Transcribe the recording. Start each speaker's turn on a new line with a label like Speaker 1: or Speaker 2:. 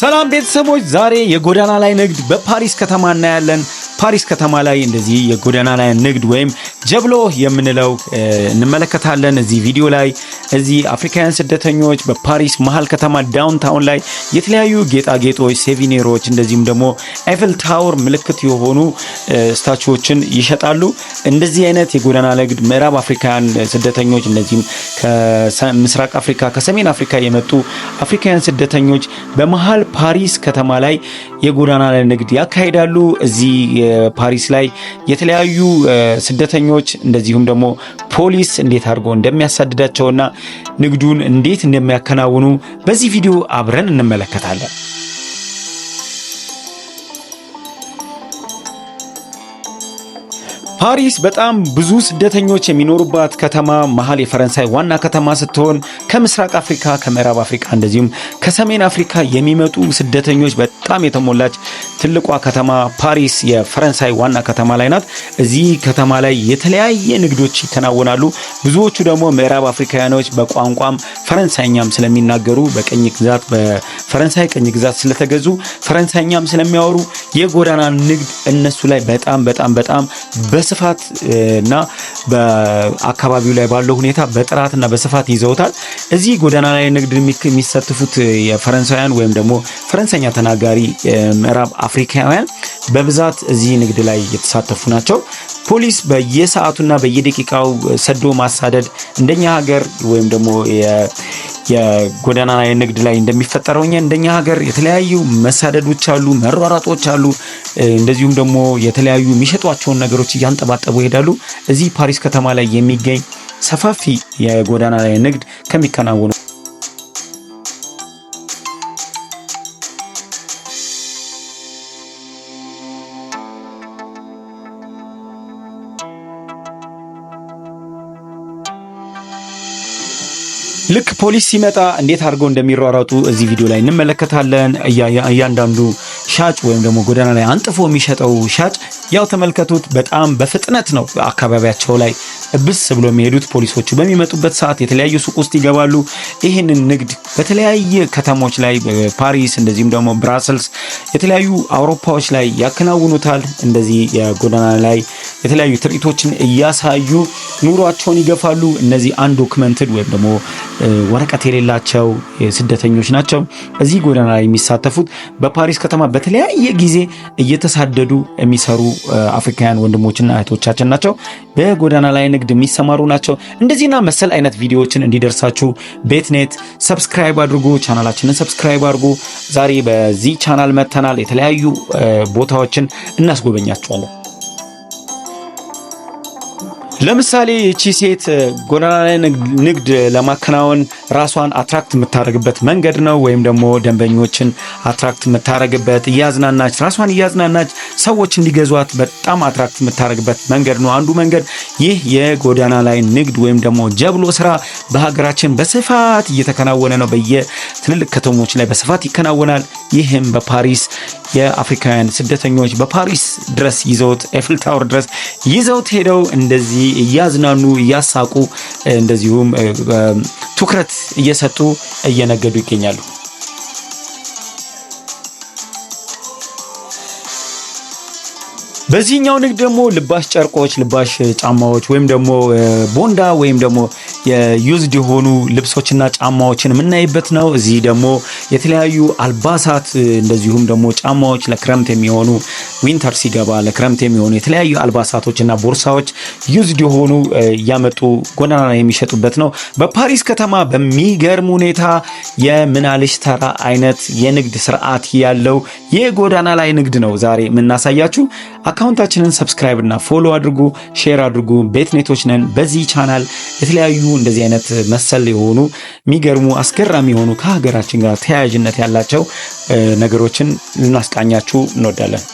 Speaker 1: ሰላም ቤተሰቦች፣ ዛሬ የጎዳና ላይ ንግድ በፓሪስ ከተማ እናያለን። ፓሪስ ከተማ ላይ እንደዚህ የጎዳና ላይ ንግድ ወይም ጀብሎ የምንለው እንመለከታለን። እዚህ ቪዲዮ ላይ እዚህ አፍሪካውያን ስደተኞች በፓሪስ መሀል ከተማ ዳውንታውን ላይ የተለያዩ ጌጣጌጦች፣ ሴቪኔሮች እንደዚሁም ደግሞ ኤፍል ታወር ምልክት የሆኑ ስታችዎችን ይሸጣሉ። እንደዚህ አይነት የጎዳና ንግድ ምዕራብ አፍሪካውያን ስደተኞች እንደዚሁም ከምስራቅ አፍሪካ ከሰሜን አፍሪካ የመጡ አፍሪካውያን ስደተኞች በመሀል ፓሪስ ከተማ ላይ የጎዳና ላይ ንግድ ያካሂዳሉ። እዚህ ፓሪስ ላይ የተለያዩ ስደተኞች እንደዚሁም ደግሞ ፖሊስ እንዴት አድርጎ እንደሚያሳድዳቸውና ንግዱን እንዴት እንደሚያከናውኑ በዚህ ቪዲዮ አብረን እንመለከታለን። ፓሪስ በጣም ብዙ ስደተኞች የሚኖሩባት ከተማ መሀል የፈረንሳይ ዋና ከተማ ስትሆን ከምስራቅ አፍሪካ፣ ከምዕራብ አፍሪካ እንደዚሁም ከሰሜን አፍሪካ የሚመጡ ስደተኞች በጣም የተሞላች ትልቋ ከተማ ፓሪስ የፈረንሳይ ዋና ከተማ ላይ ናት። እዚህ ከተማ ላይ የተለያየ ንግዶች ይከናወናሉ። ብዙዎቹ ደግሞ ምዕራብ አፍሪካውያኖች በቋንቋም ፈረንሳይኛም ስለሚናገሩ በቀኝ ግዛት በፈረንሳይ ቀኝ ግዛት ስለተገዙ ፈረንሳይኛም ስለሚያወሩ የጎዳና ንግድ እነሱ ላይ በጣም በጣም በጣም በስፋት እና በአካባቢው ላይ ባለው ሁኔታ በጥራትና በስፋት ይዘውታል። እዚህ ጎዳና ላይ ንግድ የሚሳተፉት የፈረንሳውያን ወይም ደግሞ ፈረንሳይኛ ተናጋሪ ምዕራብ አፍሪካውያን በብዛት እዚህ ንግድ ላይ የተሳተፉ ናቸው። ፖሊስ በየሰዓቱና በየደቂቃው ሰዶ ማሳደድ እንደኛ ሀገር ወይም ደግሞ የጎዳና ንግድ ላይ እንደሚፈጠረው እኛ እንደኛ ሀገር የተለያዩ መሳደዶች አሉ፣ መሯራጦች አሉ። እንደዚሁም ደግሞ የተለያዩ የሚሸጧቸውን ነገሮች እያንጠባጠቡ ይሄዳሉ። እዚህ ፓሪስ ከተማ ላይ የሚገኝ ሰፋፊ የጎዳና ላይ ንግድ ከሚከናወኑ ልክ ፖሊስ ሲመጣ እንዴት አድርገው እንደሚሯራጡ እዚህ ቪዲዮ ላይ እንመለከታለን። እያንዳንዱ ሻጭ ወይም ደግሞ ጎዳና ላይ አንጥፎ የሚሸጠው ሻጭ ያው ተመልከቱት፣ በጣም በፍጥነት ነው አካባቢያቸው ላይ ብስ ብሎ የሚሄዱት። ፖሊሶቹ በሚመጡበት ሰዓት የተለያዩ ሱቅ ውስጥ ይገባሉ። ይህንን ንግድ በተለያየ ከተሞች ላይ ፓሪስ፣ እንደዚሁም ደግሞ ብራስልስ፣ የተለያዩ አውሮፓዎች ላይ ያከናውኑታል። እንደዚህ የጎዳና ላይ የተለያዩ ትርኢቶችን እያሳዩ ኑሯቸውን ይገፋሉ። እነዚህ አንዶክመንትድ ወይም ደግሞ ወረቀት የሌላቸው ስደተኞች ናቸው። እዚህ ጎዳና ላይ የሚሳተፉት በፓሪስ ከተማ በተለያየ ጊዜ እየተሳደዱ የሚሰሩ አፍሪካውያን ወንድሞችና እህቶቻችን ናቸው። በጎዳና ላይ ንግድ የሚሰማሩ ናቸው። እንደዚህና መሰል አይነት ቪዲዮዎችን እንዲደርሳችሁ ቤትኔት ሰብስክራይብ አድርጉ፣ ቻናላችንን ሰብስክራይብ አድርጉ። ዛሬ በዚህ ቻናል መተናል የተለያዩ ቦታዎችን እናስጎበኛችኋለን። ለምሳሌ ይቺ ሴት ጎዳና ላይ ንግድ ለማከናወን ራሷን አትራክት የምታደርግበት መንገድ ነው። ወይም ደግሞ ደንበኞችን አትራክት የምታደርግበት እያዝናናች ራሷን እያዝናናች ሰዎች እንዲገዟት በጣም አትራክት የምታደርግበት መንገድ ነው አንዱ መንገድ። ይህ የጎዳና ላይ ንግድ ወይም ደግሞ ጀብሎ ስራ በሀገራችን በስፋት እየተከናወነ ነው። በየ ትልልቅ ከተሞች ላይ በስፋት ይከናወናል። ይህም በፓሪስ የአፍሪካውያን ስደተኞች በፓሪስ ድረስ ይዘውት ኤፍል ታወር ድረስ ይዘውት ሄደው እንደዚህ እያዝናኑ እያሳቁ እንደዚሁም ትኩረት እየሰጡ እየነገዱ ይገኛሉ። በዚህኛው ንግድ ደግሞ ልባሽ ጨርቆች፣ ልባሽ ጫማዎች ወይም ደግሞ ቦንዳ ወይም ደግሞ የዩዝድ የሆኑ ልብሶችና ጫማዎችን የምናይበት ነው። እዚህ ደግሞ የተለያዩ አልባሳት እንደዚሁም ደግሞ ጫማዎች ለክረምት የሚሆኑ ዊንተር ሲገባ ለክረምት የሚሆኑ የተለያዩ እና ቦርሳዎች ዩዝድ የሆኑ እያመጡ ጎዳና የሚሸጡበት ነው። በፓሪስ ከተማ በሚገርም ሁኔታ የምናልሽ ተራ አይነት የንግድ ስርዓት ያለው የጎዳና ላይ ንግድ ነው ዛሬ የምናሳያችሁ። አካውንታችንን ሰብስክራይብ እና ፎሎ አድርጉ፣ ሼር አድርጉ። ቤት ኔቶች ነን። በዚህ ቻናል የተለያዩ እንደዚህ አይነት መሰል የሆኑ የሚገርሙ አስገራሚ የሆኑ ከሀገራችን ጋር ተያያዥነት ያላቸው ነገሮችን ልናስቃኛችሁ እንወዳለን።